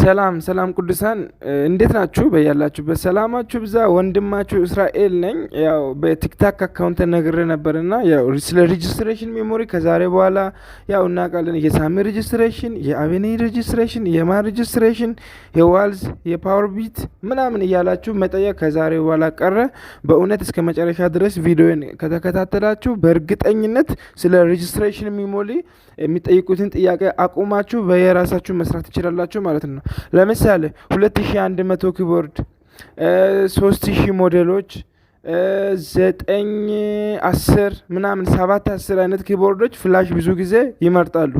ሰላም ሰላም ቅዱሳን እንዴት ናችሁ? በያላችሁበት ሰላማችሁ ብዛ። ወንድማችሁ እስራኤል ነኝ። ያው በቲክታክ አካውንት ነግሬ ነበርና ስለ ሬጅስትሬሽን ሜሞሪ ከዛሬ በኋላ ያው እናውቃለን። የሳሚ ሬጅስትሬሽን፣ የአቤኔ ሬጅስትሬሽን፣ የማ ሬጅስትሬሽን፣ የዋልዝ የፓወር ቢት ምናምን እያላችሁ መጠየቅ ከዛሬ በኋላ ቀረ። በእውነት እስከ መጨረሻ ድረስ ቪዲዮን ከተከታተላችሁ በእርግጠኝነት ስለ ሬጅስትሬሽን ሜሞሪ የሚጠይቁትን ጥያቄ አቁማችሁ በየራሳችሁ መስራት ትችላላችሁ ማለት ነው። ነው። ለምሳሌ 2100 ኪቦርድ 3000 ሞዴሎች ዘጠኝ አስር ምናምን ሰባት አስር አይነት ኪቦርዶች ፍላሽ ብዙ ጊዜ ይመርጣሉ።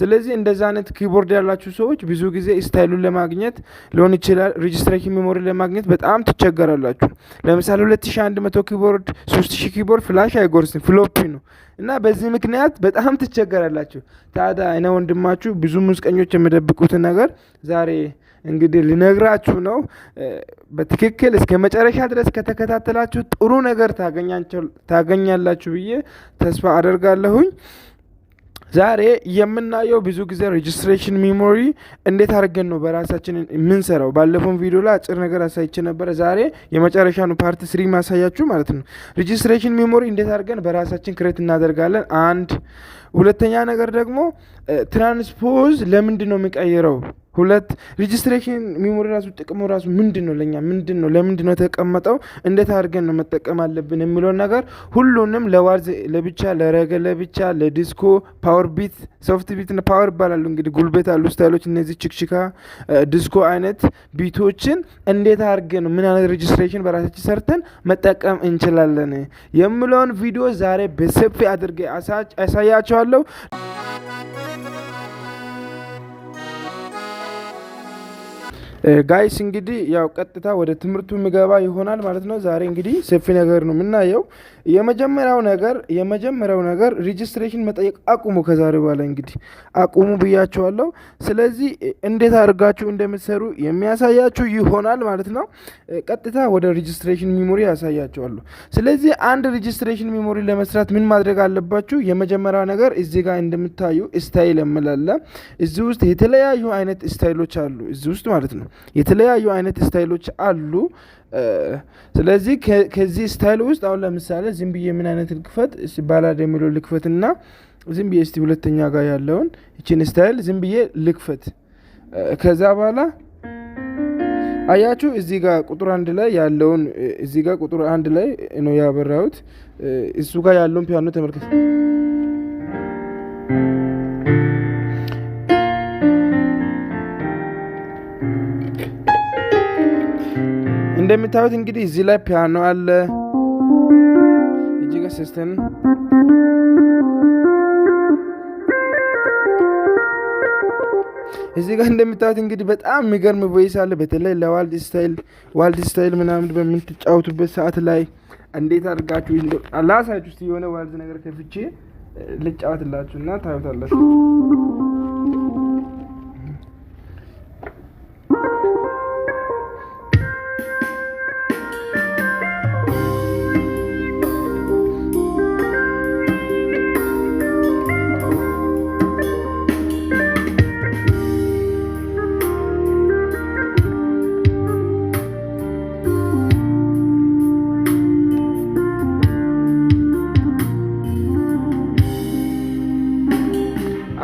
ስለዚህ እንደዛ አይነት ኪቦርድ ያላችሁ ሰዎች ብዙ ጊዜ ስታይሉን ለማግኘት ሊሆን ይችላል ሬጅስትሬሽን ሜሞሪ ለማግኘት በጣም ትቸገራላችሁ። ለምሳሌ መቶ ኪቦርድ፣ 3ሺ ኪቦርድ ፍላሽ አይጎርስም ፍሎፒ ነው እና በዚህ ምክንያት በጣም ትቸገራላችሁ። ታዲያ እኔ ወንድማችሁ ብዙ ሙዚቀኞች የሚደብቁትን ነገር ዛሬ እንግዲህ ልነግራችሁ ነው። በትክክል እስከ መጨረሻ ድረስ ከተከታተላችሁ ጥሩ ነገር ታገኛላችሁ ብዬ ተስፋ አደርጋለሁኝ። ዛሬ የምናየው ብዙ ጊዜ ሬጅስትሬሽን ሚሞሪ እንዴት አድርገን ነው በራሳችን የምንሰራው። ባለፈውን ቪዲዮ ላይ አጭር ነገር አሳይቼ ነበረ። ዛሬ የመጨረሻኑ ፓርት ስሪ ማሳያችሁ ማለት ነው። ሬጅስትሬሽን ሚሞሪ እንዴት አድርገን በራሳችን ክሬት እናደርጋለን። አንድ ሁለተኛ ነገር ደግሞ ትራንስፖዝ ለምንድን ነው የሚቀይረው ሁለት ሬጅስትሬሽን ሚሞሪ ራሱ ጥቅሙ ራሱ ምንድን ነው? ለእኛ ምንድን ነው? ለምንድን ነው የተቀመጠው? እንዴት አድርገን ነው መጠቀም አለብን የሚለውን ነገር ሁሉንም ለዋርዝ ለብቻ፣ ለረገ ለብቻ፣ ለዲስኮ ፓወር ቢት፣ ሶፍት ቢት ፓወር ይባላሉ። እንግዲህ ጉልበት አሉ ስታይሎች፣ እነዚህ ችክችካ፣ ዲስኮ አይነት ቢቶችን እንዴት አድርገን ምን አይነት ሬጅስትሬሽን በራሳችን ሰርተን መጠቀም እንችላለን የሚለውን ቪዲዮ ዛሬ በሰፊ አድርገ አሳያቸዋለሁ። ጋይስ እንግዲህ ያው ቀጥታ ወደ ትምህርቱ የሚገባ ይሆናል ማለት ነው። ዛሬ እንግዲህ ሰፊ ነገር ነው የምናየው። የመጀመሪያው ነገር የመጀመሪያው ነገር ሬጅስትሬሽን መጠየቅ አቁሙ። ከዛሬ በኋላ እንግዲህ አቁሙ ብያቸዋለሁ። ስለዚህ እንዴት አድርጋችሁ እንደምትሰሩ የሚያሳያችሁ ይሆናል ማለት ነው። ቀጥታ ወደ ሬጅስትሬሽን ሚሞሪ ያሳያቸዋለሁ። ስለዚህ አንድ ሬጅስትሬሽን ሚሞሪ ለመስራት ምን ማድረግ አለባችሁ? የመጀመሪያው ነገር እዚህ ጋር እንደምታዩ ስታይል የምላለ እዚህ ውስጥ የተለያዩ አይነት ስታይሎች አሉ እዚህ ውስጥ ማለት ነው። የተለያዩ አይነት ስታይሎች አሉ። ስለዚህ ከዚህ ስታይል ውስጥ አሁን ለምሳሌ ዝም ብዬ ምን አይነት ልክፈት ባላድ የሚለው ልክፈት እና ዝም ብዬ እስቲ ሁለተኛ ጋር ያለውን ይችን ስታይል ዝም ብዬ ልክፈት። ከዛ በኋላ አያችሁ እዚህ ጋር ቁጥር አንድ ላይ ያለውን እዚህ ጋር ቁጥር አንድ ላይ ነው ያበራሁት። እሱ ጋር ያለውን ፒያኖ ተመልከት እንደምታዩት እንግዲህ እዚህ ላይ ፒያኖ አለ። እጅግ ሲስተም እዚህ ጋር እንደምታዩት እንግዲህ በጣም የሚገርም ቮይስ አለ። በተለይ ለዋልድ ስታይል ዋልድ ስታይል ምናምን በምትጫወቱበት ሰዓት ላይ እንዴት አድርጋችሁ ላሳችሁ የሆነ ዋልድ ነገር ከፍቼ ልጫወትላችሁ እና ታዩታላችሁ።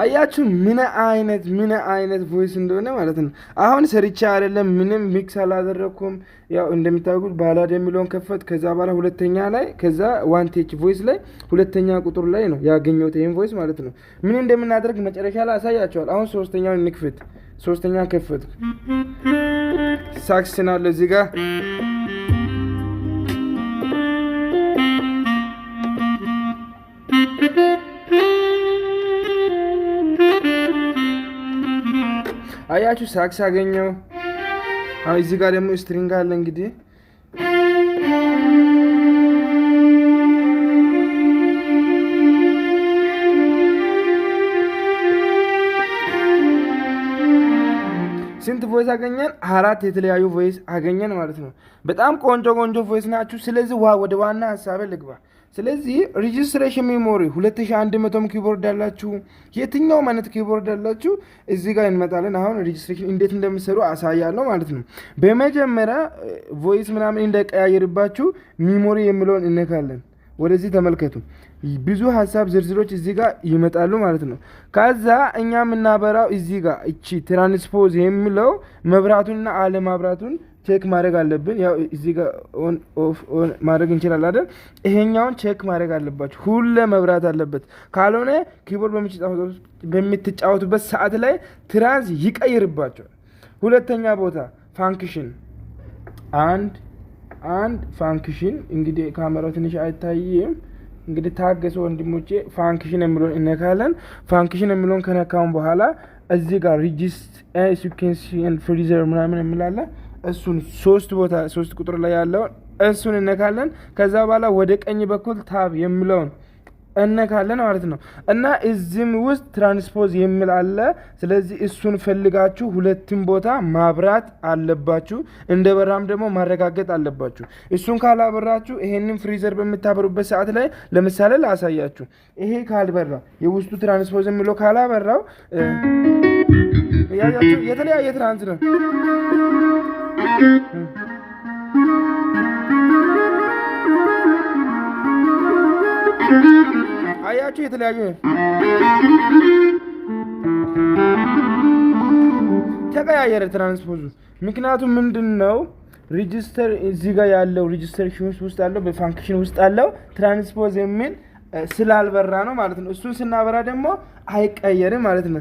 አያችሁ ምን አይነት ምን አይነት ቮይስ እንደሆነ ማለት ነው። አሁን ሰርቻ አይደለም ምንም ሚክስ አላደረግኩም። ያው እንደሚታወቁት ባላድ የሚለውን ከፈት። ከዛ በኋላ ሁለተኛ ላይ ከዛ ዋንቴች ቮይስ ላይ ሁለተኛ ቁጥር ላይ ነው ያገኘሁት ይህን ቮይስ ማለት ነው። ምን እንደምናደርግ መጨረሻ ላይ አሳያቸዋል። አሁን ሶስተኛው ንክፍት። ሶስተኛ ከፈት ሳክስናለሁ እዚህ ጋር አያችሁ ሳክስ አገኘው። አሁን እዚህ ጋር ደግሞ ስትሪንግ አለ። እንግዲህ ስንት ቮይስ አገኘን? አራት የተለያዩ ቮይስ አገኘን ማለት ነው። በጣም ቆንጆ ቆንጆ ቮይስ ናችሁ። ስለዚህ ወደ ዋና ሀሳብ ልግባ። ስለዚህ ሬጅስትሬሽን ሜሞሪ 2100 ኪቦርድ ያላችሁ የትኛውም አይነት ኪቦርድ ያላችሁ እዚህ ጋር እንመጣለን። አሁን ሬጅስትሬሽን እንዴት እንደምሰሩ አሳያለሁ ማለት ነው። በመጀመሪያ ቮይስ ምናምን እንደቀያየርባችሁ ሚሞሪ የሚለውን እነካለን። ወደዚህ ተመልከቱ። ብዙ ሀሳብ ዝርዝሮች እዚህ ጋር ይመጣሉ ማለት ነው። ከዛ እኛ የምናበራው እዚህ ጋር እቺ ትራንስፖዝ የሚለው መብራቱንና አለማብራቱን ቼክ ማድረግ አለብን። ያው እዚህ ጋር ኦን ኦፍ ኦን ማድረግ እንችላለን አይደል? ይሄኛውን ቼክ ማድረግ አለባችሁ። ሁሌ መብራት አለበት። ካልሆነ ኪቦርድ በምትጫወቱበት ሰዓት ላይ ትራንስ ይቀይርባቸዋል። ሁለተኛ ቦታ ፋንክሽን አንድ አንድ ፋንክሽን እንግዲህ ካሜራው ትንሽ አይታይም። እንግዲህ ታገሰ ወንድሞቼ። ፋንክሽን የሚለውን እነካለን። ፋንክሽን የሚለውን ከነካውን በኋላ እዚህ ጋር ሪጅስት ሲኩንስ ፍሪዘር ምናምን የሚላለ እሱን ሶስት ቦታ ሶስት ቁጥር ላይ ያለውን እሱን እነካለን። ከዛ በኋላ ወደ ቀኝ በኩል ታብ የምለውን እነካለን ማለት ነው እና እዚህም ውስጥ ትራንስፖዝ የሚል አለ። ስለዚህ እሱን ፈልጋችሁ ሁለትም ቦታ ማብራት አለባችሁ። እንደ በራም ደግሞ ማረጋገጥ አለባችሁ። እሱን ካላበራችሁ ይሄንን ፍሪዘር በምታበሩበት ሰዓት ላይ ለምሳሌ ላሳያችሁ። ይሄ ካልበራ የውስጡ ትራንስፖዝ የሚለው ካላበራው የተለያየ ትራንስ ነው አያችሁ የተለያዩ ተቀያየረ ትራንስፖዙ። ምክንያቱም ምንድን ነው ሪጅስተር እዚህ ጋር ያለው ሪጅስተር ውስጥ ያለው በፋንክሽን ውስጥ ያለው ትራንስፖዝ የሚል ስላልበራ ነው ማለት ነው። እሱን ስናበራ ደግሞ አይቀየርም ማለት ነው።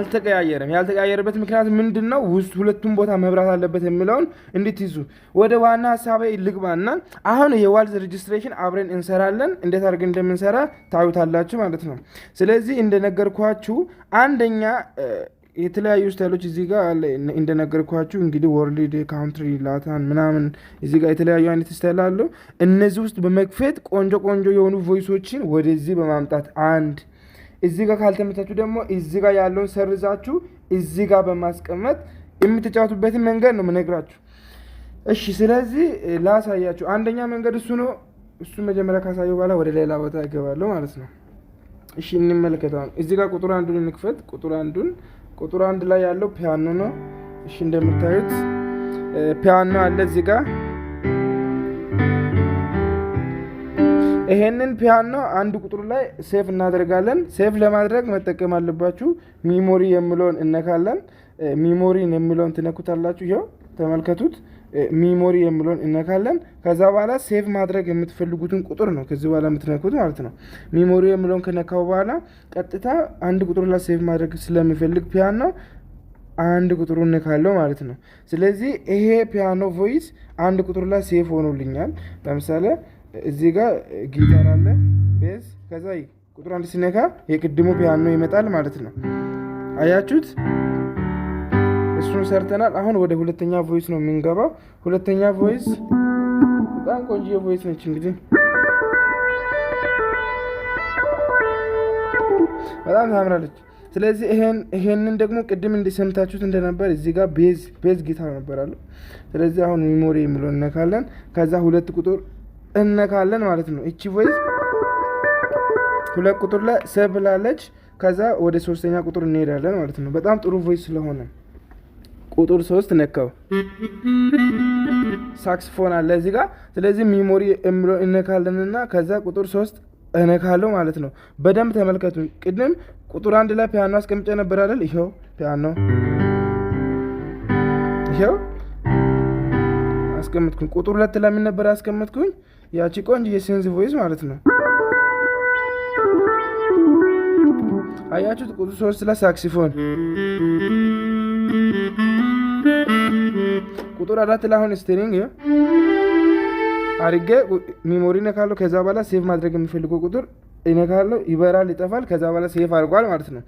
አልተቀያየረም። ያልተቀያየረበት ምክንያት ምንድን ነው? ውስጥ ሁለቱም ቦታ መብራት አለበት የሚለውን ይዙ ወደ ዋና ሀሳቤ ልግባና አሁን የዋልዝ ሬጅስትሬሽን አብረን እንሰራለን። እንዴት አድርገን እንደምንሰራ ታዩታላችሁ ማለት ነው። ስለዚህ እንደነገርኳችሁ አንደኛ የተለያዩ ስታይሎች እዚህ ጋር እንደነገርኳችሁ እንግዲህ ወርልድ ካውንትሪ፣ ላታን ምናምን እዚህ ጋር የተለያዩ አይነት ስታይል አለው። እነዚህ ውስጥ በመክፈት ቆንጆ ቆንጆ የሆኑ ቮይሶችን ወደዚህ በማምጣት አንድ እዚ ጋር ካልተመቻችሁ ደግሞ እዚ ጋር ያለውን ሰርዛችሁ እዚ ጋር በማስቀመጥ የምትጫወቱበትን መንገድ ነው ምነግራችሁ። እሺ፣ ስለዚህ ላሳያችሁ። አንደኛ መንገድ እሱ ነው። እሱ መጀመሪያ ካሳየው በኋላ ወደ ሌላ ቦታ ይገባለሁ ማለት ነው። እሺ፣ እንመለከተው። እዚ ጋር ቁጥር አንዱን እንክፈት። ቁጥር አንዱን ቁጥር አንድ ላይ ያለው ፒያኖ ነው። እሺ፣ እንደምታዩት ፒያኖ አለ እዚ ጋር ይሄንን ፒያኖ አንድ ቁጥሩ ላይ ሴፍ እናደርጋለን። ሴፍ ለማድረግ መጠቀም አለባችሁ። ሚሞሪ የሚለውን እነካለን። ሚሞሪን የሚለውን ትነኩታላችሁ። ይኸው ተመልከቱት። ሚሞሪ የሚለውን እነካለን። ከዛ በኋላ ሴቭ ማድረግ የምትፈልጉትን ቁጥር ነው ከዚህ በኋላ የምትነኩት ማለት ነው። ሚሞሪ የሚለውን ከነካው በኋላ ቀጥታ አንድ ቁጥር ላይ ሴቭ ማድረግ ስለሚፈልግ ፒያኖ አንድ ቁጥሩ ነካለው ማለት ነው። ስለዚህ ይሄ ፒያኖ ቮይስ አንድ ቁጥር ላይ ሴፍ ሆኖልኛል። ለምሳሌ እዚህ ጋር ጊታር አለ፣ ቤዝ ከዛ ቁጥር አንድ ሲነካ የቅድሙ ፒያኖ ይመጣል ማለት ነው። አያችሁት? እሱን ሰርተናል። አሁን ወደ ሁለተኛ ቮይስ ነው የምንገባው። ሁለተኛ ቮይስ በጣም ቆንጆ ቮይስ ነች። እንግዲህ በጣም ታምራለች። ስለዚህ ይሄንን ደግሞ ቅድም እንዲሰምታችሁት እንደነበር እዚህ ጋር ቤዝ ጊታር ነበር ስለዚህ አሁን ሚሞሪ የሚለው እነካለን። ከዛ ሁለት ቁጥር እነካለን ማለት ነው። እቺ ቮይስ ሁለት ቁጥር ላይ ሰ ብላለች። ከዛ ወደ ሶስተኛ ቁጥር እንሄዳለን ማለት ነው። በጣም ጥሩ ቮይስ ስለሆነ ቁጥር ሶስት ነካው። ሳክስፎን አለ እዚህ ጋር። ስለዚህ ሚሞሪ እምሎ እነካለንና ከዛ ቁጥር ሶስት እነካለሁ ማለት ነው። በደንብ ተመልከቱ። ቅድም ቁጥር አንድ ላይ ፒያኖ አስቀምጨ ነበር አይደል? ይኸው ፒያኖ ይኸው አስቀምጥኩኝ። ቁጥር ሁለት ላይ ምን ነበር አስቀምጥኩኝ? ያቺ ቆንጆ የሴንዝ ቮይስ ማለት ነው። አያችሁት? ቁጥር ሶስት ላይ ሳክሲፎን፣ ቁጥር አራት ላይ አሁን ስትሪንግ አድርጌ ሚሞሪ ነካለሁ። ከዛ በኋላ ሴቭ ማድረግ የሚፈልገው ቁጥር ይነካለሁ። ይበራል፣ ይጠፋል። ከዛ በኋላ ሴቭ አድርጓል ማለት ነው።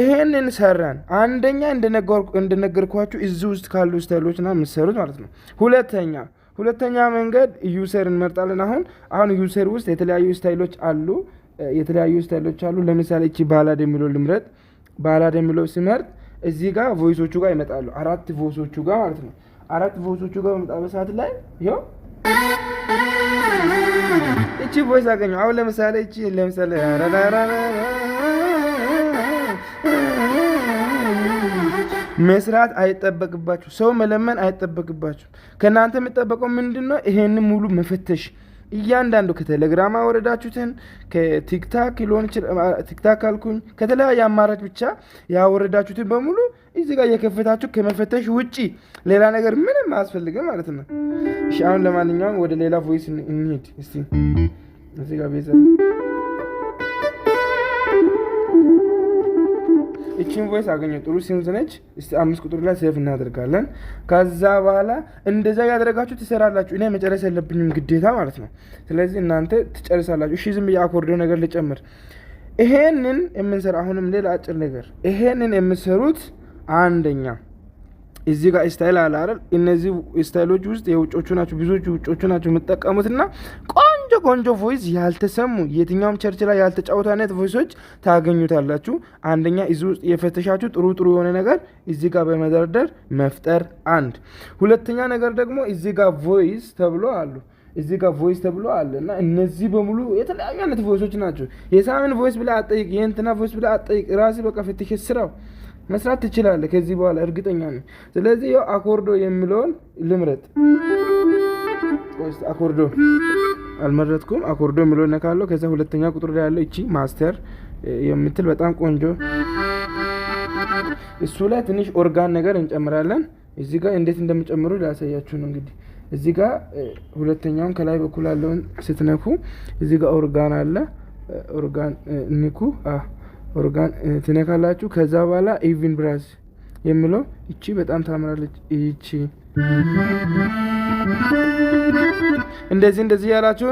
ይሄንን ሰራን። አንደኛ እንደነገርኳችሁ እዚህ ውስጥ ካሉ ስታይሎች ና የምትሰሩት ማለት ነው። ሁለተኛ ሁለተኛ መንገድ ዩሰር እንመርጣለን። አሁን አሁን ዩሰር ውስጥ የተለያዩ ስታይሎች አሉ የተለያዩ ስታይሎች አሉ። ለምሳሌ እቺ ባላድ የሚለው ልምረጥ። ባላድ የሚለው ስመርጥ እዚህ ጋር ቮይሶቹ ጋር ይመጣሉ። አራት ቮይሶቹ ጋር ማለት ነው። አራት ቮይሶቹ ጋር በመጣ በሰዓት ላይ ይኸው እቺ ቮይስ አገኘ አሁን ለምሳሌ እቺ ለምሳሌ መስራት አይጠበቅባችሁ። ሰው መለመን አይጠበቅባችሁ። ከእናንተ የምጠበቀው ምንድን ነው? ይሄንን ሙሉ መፈተሽ እያንዳንዱ ከቴሌግራም አወረዳችሁትን ከቲክታክ ሊሆን ቲክታክ አልኩኝ፣ ከተለያየ አማራጭ ብቻ ያወረዳችሁትን በሙሉ እዚህ ጋር እየከፈታችሁ ከመፈተሽ ውጪ ሌላ ነገር ምንም አያስፈልግም ማለት ነው። እሺ አሁን ለማንኛውም ወደ ሌላ ቮይስ እንሄድ እስቲ እዚህ ጋር ቤዛ እቺን ቮይስ አገኘ ጥሩ ሲምዝ ነች። እስቲ አምስት ቁጥር ላይ ሴቭ እናደርጋለን። ከዛ በኋላ እንደዛ ያደረጋችሁ ትሰራላችሁ። እኔ መጨረስ ያለብኝም ግዴታ ማለት ነው። ስለዚህ እናንተ ትጨርሳላችሁ። እሺ ዝም የአኮርዶ ነገር ልጨምር። ይሄንን የምንሰራ አሁንም ሌላ አጭር ነገር ይሄንን የምሰሩት አንደኛ እዚህ ጋር ስታይል አለ አይደል? እነዚህ ስታይሎች ውስጥ የውጮቹ ናቸው ብዙዎቹ ውጮቹ ናቸው የምጠቀሙትና ቆ ቆንጆ ቮይስ ያልተሰሙ የትኛውም ቸርች ላይ ያልተጫወቱ አይነት ቮይሶች ታገኙታላችሁ። አንደኛ እዚ ውስጥ የፈተሻችሁ ጥሩ ጥሩ የሆነ ነገር እዚ ጋር በመደርደር መፍጠር አንድ። ሁለተኛ ነገር ደግሞ እዚ ጋር ቮይስ ተብሎ አሉ እዚ ጋር ቮይስ ተብሎ አለ እና እነዚህ በሙሉ የተለያዩ አይነት ቮይሶች ናቸው። የሳምን ቮይስ ብላ አጠይቅ፣ የእንትና ቮይስ ብላ አጠይቅ። ራሴ በቃ ፍትሽ ስራው መስራት ትችላለህ ከዚህ በኋላ እርግጠኛ ነኝ። ስለዚህ ያው አኮርዶ የሚለውን ልምረጥ አኮርዶ አልመረጥኩም። አኮርዶ የሚለው ነካለው። ከዛ ሁለተኛ ቁጥር ላይ ያለው እቺ ማስተር የምትል በጣም ቆንጆ እሱ ላይ ትንሽ ኦርጋን ነገር እንጨምራለን። እዚ ጋር እንዴት እንደምጨምሩ ላያሳያችሁ ነው እንግዲህ እዚ ጋር ሁለተኛውን ከላይ በኩል ያለውን ስትነኩ እዚ ጋር ኦርጋን አለ። ኦርጋን ኒኩ ኦርጋን ትነካላችሁ። ከዛ በኋላ ኢቪን ብራዝ የምለው እቺ በጣም ታምራለች። ይቺ እንደዚህ እንደዚህ ያላችሁ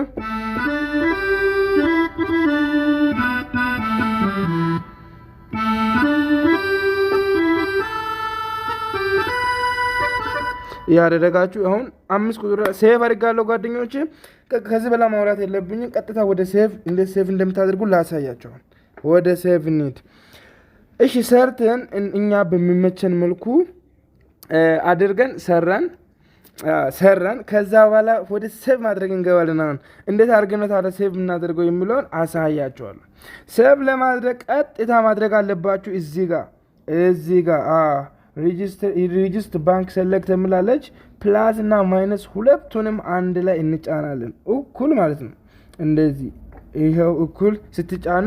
ያደረጋችሁ አሁን አምስት ቁጥር ሴፍ አድርጋለሁ ጓደኞች። ከዚህ በላይ ማውራት የለብኝም። ቀጥታ ወደ ሴፍ እንደ ሴፍ እንደምታደርጉ ላሳያቸዋል። ወደ ሴፍ እንሂድ። እሺ ሰርተን እኛ በሚመቸን መልኩ አድርገን ሰራን። ሰራን። ከዛ በኋላ ወደ ሴቭ ማድረግ እንገባለን። አሁን እንዴት አድርገን ታዲያ ሴቭ እናደርገው የሚለውን አሳያቸዋለሁ። ሴቭ ለማድረግ ቀጥታ ማድረግ አለባችሁ። እዚህ ጋር እዚህ ጋር ሪጅስት ባንክ ሰለክት የምላለች ፕላስ እና ማይነስ ሁለቱንም አንድ ላይ እንጫናለን። እኩል ማለት ነው። እንደዚህ ይኸው እኩል ስትጫኑ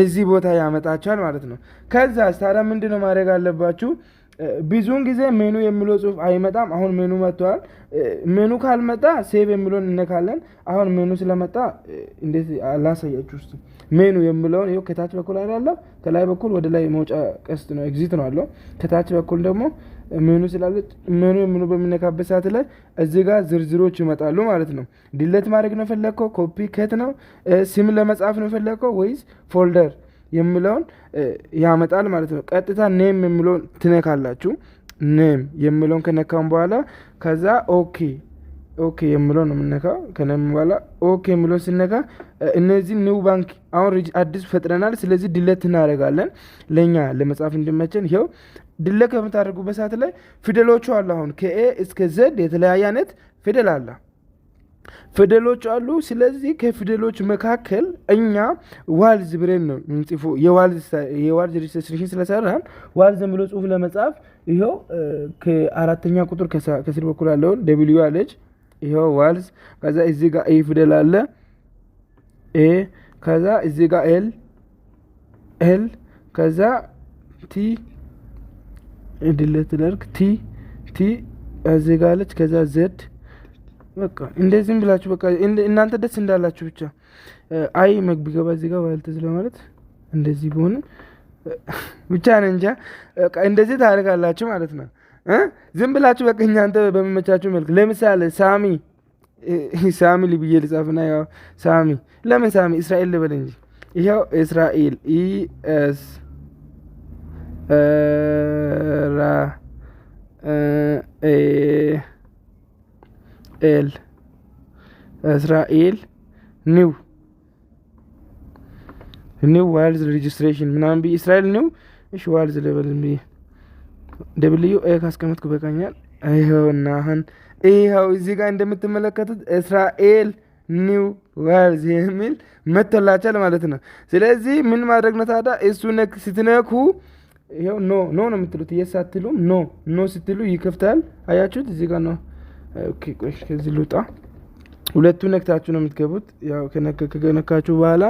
እዚህ ቦታ ያመጣቸዋል ማለት ነው። ከዛ ታዲያ ምንድነው ማድረግ አለባችሁ? ብዙውን ጊዜ ሜኑ የሚለው ጽሁፍ አይመጣም። አሁን ሜኑ መጥተዋል። ሜኑ ካልመጣ ሴቭ የሚለውን እነካለን። አሁን ሜኑ ስለመጣ እንዴት ላሳያችሁ ውስጥ ሜኑ የሚለውን ይኸው ከታች በኩል አይደለም፣ ከላይ በኩል ወደ ላይ መውጫ ቀስት ነው፣ ኤግዚት ነው አለው። ከታች በኩል ደግሞ ሜኑ ስላለ ሜኑ የሚሉ በሚነካበት ሰዓት ላይ እዚህ ጋር ዝርዝሮች ይመጣሉ ማለት ነው። ድለት ማድረግ ነው የፈለግከው፣ ኮፒ ከት ነው፣ ሲም ለመጻፍ ነው የፈለግከው ወይስ ፎልደር የሚለውን ያመጣል ማለት ነው። ቀጥታ ኔም የሚለውን ትነካላችሁ። ኔም የሚለውን ከነካውን በኋላ ከዛ ኦኬ ኦኬ የሚለው ነው የምነካው። ከነም በኋላ ኦኬ የሚለው ስነካ እነዚህ ኒው ባንክ አሁን አዲስ ፈጥረናል። ስለዚህ ድለት እናደርጋለን ለእኛ ለመጻፍ እንዲመቸን። ይኸው ድለት ከምታደርጉበት ሰዓት ላይ ፊደሎቹ አሉ። አሁን ከኤ እስከ ዘድ የተለያየ አይነት ፊደል አለ። ፊደሎች አሉ። ስለዚህ ከፊደሎች መካከል እኛ ዋልዝ ብለን ነው ምንጽፎ የዋልዝ ሬጅስትሬሽን ስለሰራን ዋልዝ የሚለው ጽሁፍ ለመጻፍ ይኸው ከአራተኛ ቁጥር ከስር በኩል ያለውን ደብልዩ አለች። ይኸው ዋልዝ። ከዛ እዚህ ጋር ኤ ፊደል አለ ኤ። ከዛ እዚህ ጋር ኤል ኤል። ከዛ ቲ ድለት ለርክ ቲ ቲ እዚህ ጋር አለች። ከዛ ዘድ በቃ እንደዚህም ብላችሁ በቃ እናንተ ደስ እንዳላችሁ ብቻ። አይ መግቢ ገባ እዚህ ገባ ያልተዝ ለማለት እንደዚህ በሆነ ብቻ ነ እንጃ። እንደዚህ ታደርጋላችሁ ማለት ነው። ዝም ብላችሁ በቃ እኛንተ በመመቻችሁ መልክ ለምሳሌ ሳሚ ሳሚ ልብዬ ልጻፍና ያው ሳሚ ለምን ሳሚ እስራኤል ልበል እንጂ ይኸው እስራኤል ኢስ ራ ኤል እስራኤል ኒው ኒው ዋይልዝ ሬጅስትሬሽን ምናምን ብዬ እስራኤል ኒው እሺ ዋይልዝ ልበል ብዬ ደብልዩ ኤ ካስቀመጥኩ በቃኛል። ይኸውና አሁን ይኸው እዚህ ጋር እንደምትመለከቱት እስራኤል ኒው ዋይልዝ የሚል መጥቶላቸዋል ማለት ነው። ስለዚህ ምን ማድረግ ነው ታዲያ? እሱ ስትነኩ ይኸው ኖ ኖ ነው የምትሉት። የሳትሉም ኖ ኖ ስትሉ ይከፍታል። አያችሁት? እዚህ ጋር ነው ከዚህ ልውጣ። ሁለቱ ነክታችሁ ነው የምትገቡት። ያው ከነካችሁ በኋላ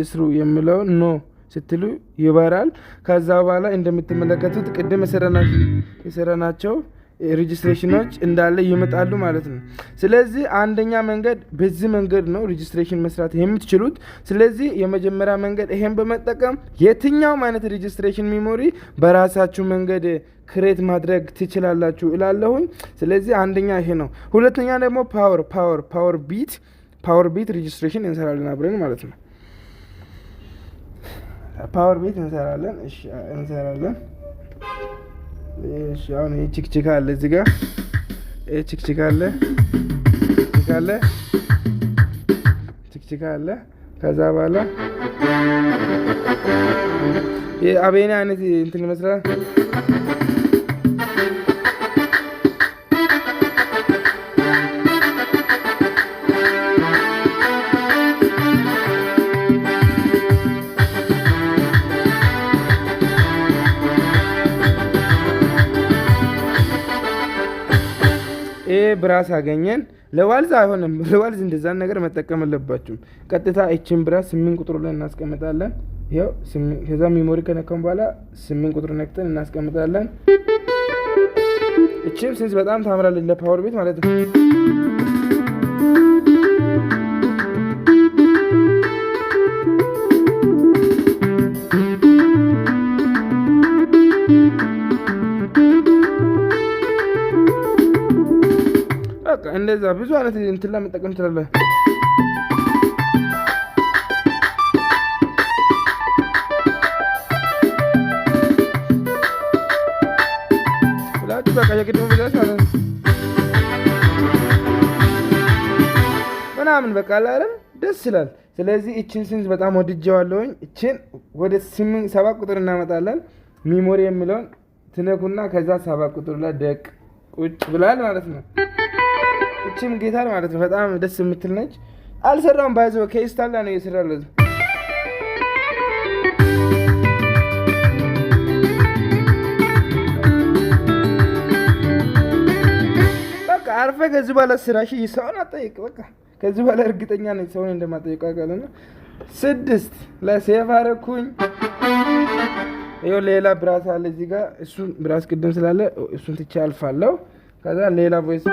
እስሩ የሚለው ኖ ስትሉ ይበራል። ከዛ በኋላ እንደምትመለከቱት ቅድም የሰራናቸው ሬጅስትሬሽኖች እንዳለ ይመጣሉ ማለት ነው። ስለዚህ አንደኛ መንገድ በዚህ መንገድ ነው ሬጅስትሬሽን መስራት የምትችሉት። ስለዚህ የመጀመሪያ መንገድ ይሄን በመጠቀም የትኛውም አይነት ሬጅስትሬሽን ሚሞሪ በራሳችሁ መንገድ ክሬት ማድረግ ትችላላችሁ እላለሁኝ። ስለዚህ አንደኛ ይሄ ነው። ሁለተኛ ደግሞ ፓወር ፓወር ፓወር ቢት ፓወር ቢት ሬጅስትሬሽን እንሰራለን አብረን ማለት ነው። ፓወር ቤት እንሰራለን እንሰራለን አሁን ይህ ችክችክ አለ እዚህ ጋር ይህ ችክችክ አለ ችክችክ አለ ችክችክ አለ። ከዛ በኋላ የአቤኔ አይነት እንትን ይመስላል። ይሄ ብራስ አገኘን። ለዋልዝ አይሆንም። ለዋልዝ እንደዛን ነገር መጠቀም አለባችሁም። ቀጥታ ይችን ብራስ ስምንት ቁጥሩ ላይ እናስቀምጣለን። ከዛ ሚሞሪ ከነከም በኋላ ስምንት ቁጥሩ ነክተን እናስቀምጣለን። እችም ስንስ በጣም ታምራለች ለፓወር ቤት ማለት ነው። እንደዛ ብዙ አይነት እንትን ላይ መጠቀም ትችላለህ። በቃ ብዛት ማለት ነው ምናምን በቃ ላለም ደስ ይላል። ስለዚህ እችን ስንት በጣም ወድጀዋለሁኝ። እችን ወደ ሰባት ቁጥር እናመጣለን። ሚሞሪ የሚለውን ትነኩና ከዛ ሰባት ቁጥር ላይ ደቅ ቁጭ ብላል ማለት ነው። እችም ጌታር ማለት ነው። በጣም ደስ የምትል ነች። አልሰራም ባይዘ ከስታላ ነው እየሰራለት በቃ አርፈ ከዚህ በኋላ ስራሽ ሰውን አጠይቅ። በቃ ከዚህ በኋላ እርግጠኛ ነኝ ሰውን እንደማጠይቅ አውቃለሁ። ስድስት ለሴፍ አደረኩኝ። ይኸው ሌላ ብራስ አለ እዚህ ጋር እሱን ብራስ ቅድም ስላለ እሱን ትቼ አልፋለሁ። ከዛ ሌላ ቮይስ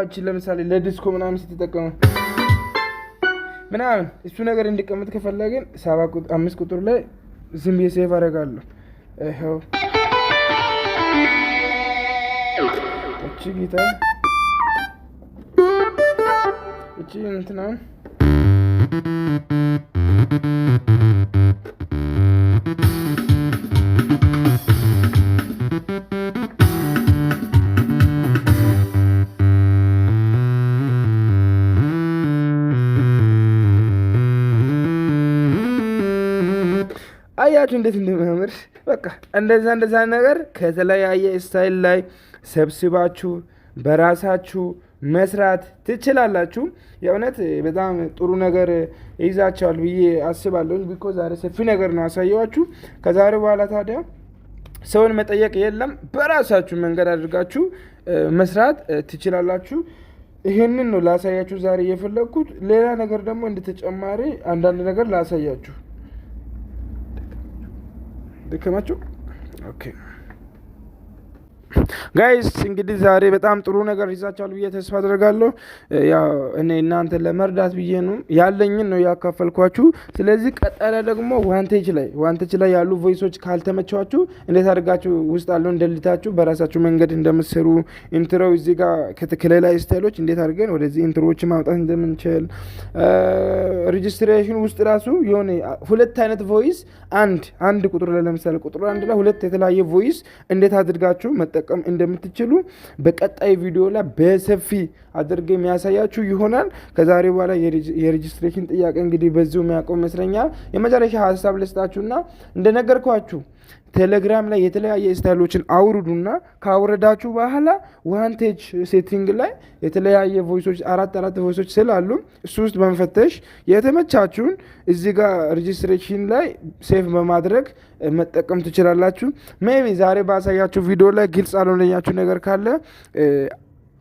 አችን ለምሳሌ ለዲስኮ ምናምን ስትጠቀሙ ምናምን እሱ ነገር እንዲቀመጥ ከፈለግን አምስት ቁጥር ላይ ዝም ብዬ ሴፍ አደርጋለሁ። እቺ ጌታ እቺ እንትናን አያችሁ እንዴት እንደሚያምር በቃ እንደዛ እንደዛ ነገር ከተለያየ ስታይል ላይ ሰብስባችሁ በራሳችሁ መስራት ትችላላችሁ። የእውነት በጣም ጥሩ ነገር ይዛቸዋል ብዬ አስባለሁ። ቢኮ ዛሬ ሰፊ ነገር ነው አሳየዋችሁ። ከዛሬ በኋላ ታዲያ ሰውን መጠየቅ የለም፣ በራሳችሁ መንገድ አድርጋችሁ መስራት ትችላላችሁ። ይህንን ነው ላሳያችሁ ዛሬ የፈለግኩት። ሌላ ነገር ደግሞ እንደተጨማሪ አንዳንድ ነገር ላሳያችሁ de Camacho. Ok. ጋይስ እንግዲህ ዛሬ በጣም ጥሩ ነገር ይዛችኋል ብዬ ተስፋ አድርጋለሁ። እኔ እናንተ ለመርዳት ብዬ ነው ያለኝን ነው ያካፈልኳችሁ። ስለዚህ ቀጠለ ደግሞ ዋንቴጅ ላይ ዋንቴጅ ላይ ያሉ ቮይሶች ካልተመቸዋችሁ እንዴት አድርጋችሁ ውስጥ አለው እንደልታችሁ በራሳችሁ መንገድ እንደምትሰሩ ኢንትሮው እዚህ ጋር ከሌላ ስታይሎች እንዴት አድርገን ወደዚህ ኢንትሮዎች ማምጣት እንደምንችል ሬጅስትሬሽን ውስጥ ራሱ የሆነ ሁለት አይነት ቮይስ አንድ አንድ ቁጥር ላይ ለምሳሌ ቁጥር አንድ ላይ ሁለት የተለያየ ቮይስ እንዴት አድርጋችሁ መጠቀም መጠቀም እንደምትችሉ በቀጣይ ቪዲዮ ላይ በሰፊ አድርገ የሚያሳያችሁ ይሆናል። ከዛሬ በኋላ የሬጅስትሬሽን ጥያቄ እንግዲህ በዚሁ የሚያውቀው ይመስለኛል። የመጨረሻ ሀሳብ ልስጣችሁና እንደነገርኳችሁ ቴሌግራም ላይ የተለያየ ስታይሎችን አውርዱና ካውረዳችሁ በኋላ ዋንቴጅ ሴቲንግ ላይ የተለያየ ቮይሶች አራት አራት ቮይሶች ስላሉ እሱ ውስጥ በመፈተሽ የተመቻችሁን እዚ ጋር ሬጅስትሬሽን ላይ ሴፍ በማድረግ መጠቀም ትችላላችሁ። ቢ ዛሬ ባሳያችሁ ቪዲዮ ላይ ግልጽ አልሆነኛችሁ ነገር ካለ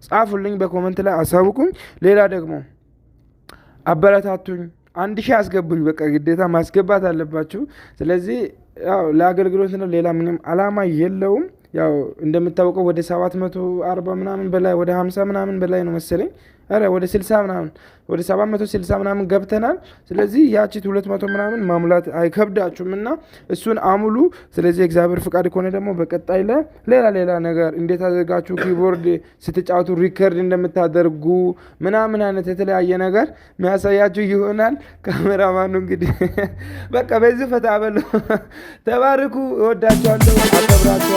ጻፉልኝ፣ በኮመንት ላይ አሳውቁኝ። ሌላ ደግሞ አበረታቱኝ፣ አንድ ሺህ አስገቡኝ። በቃ ግዴታ ማስገባት አለባችሁ። ስለዚህ ያው ለአገልግሎት ነው፣ ሌላ ምንም አላማ የለውም። ያው እንደምታወቀው ወደ ሰባት መቶ አርባ ምናምን በላይ ወደ ሀምሳ ምናምን በላይ ነው መሰለኝ ኧረ ወደ 60 ምናምን ወደ 760 ምናምን ገብተናል። ስለዚህ ያቺት 200 ምናምን ማሙላት አይከብዳችሁም እና እሱን አሙሉ። ስለዚህ እግዚአብሔር ፍቃድ ከሆነ ደግሞ በቀጣይ ለሌላ ሌላ ነገር እንዴት አደርጋችሁ ኪቦርድ ስትጫወቱ ሪከርድ እንደምታደርጉ ምናምን አይነት የተለያየ ነገር የሚያሳያችሁ ይሆናል። ካሜራማኑ እንግዲህ በቃ በዚህ ፈታ በሉ። ተባርኩ። እወዳችኋለሁ፣ አከብራችኋለሁ።